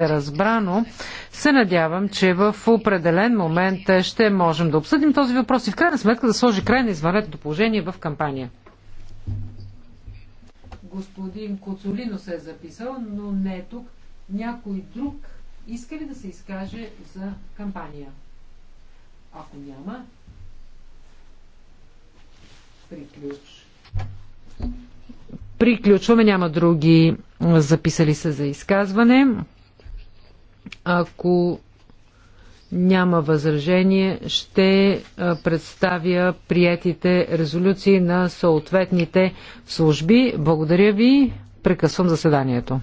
разбрано, се надявам, че в определен момент е, ще можем да обсъдим този въпрос и в крайна сметка да сложи край на извънредното положение в кампания. Господин Коцолино се е записал, но не е тук. Някой друг иска ли да се изкаже за кампания? Ако няма, приключ. Приключваме, няма други записали се за изказване. Ако няма възражение, ще представя приетите резолюции на съответните служби. Благодаря ви. Прекъсвам заседанието.